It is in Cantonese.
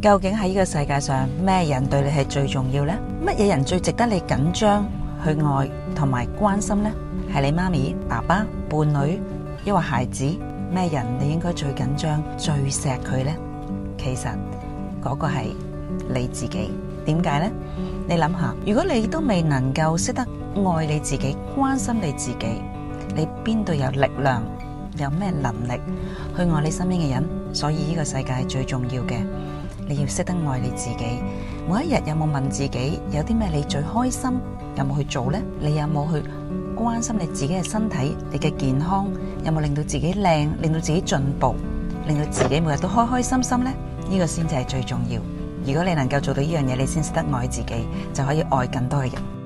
究竟喺呢個世界上咩人對你係最重要咧？乜嘢人最值得你緊張去愛同埋關心咧？係你媽咪、爸爸、伴侶，抑或孩子咩人？你應該最緊張、最錫佢咧？其實嗰個係你自己。點解咧？你諗下，如果你都未能夠識得愛你自己、關心你自己，你邊度有力量、有咩能力去愛你身邊嘅人？所以呢個世界係最重要嘅。你要識得愛你自己，每一日有冇問自己有啲咩你最開心，有冇去做呢？你有冇去關心你自己嘅身體，你嘅健康有冇令到自己靚，令到自己進步，令到自己每日都開開心心呢？呢個先至係最重要。如果你能夠做到呢樣嘢，你先識得愛自己，就可以愛更多嘅人。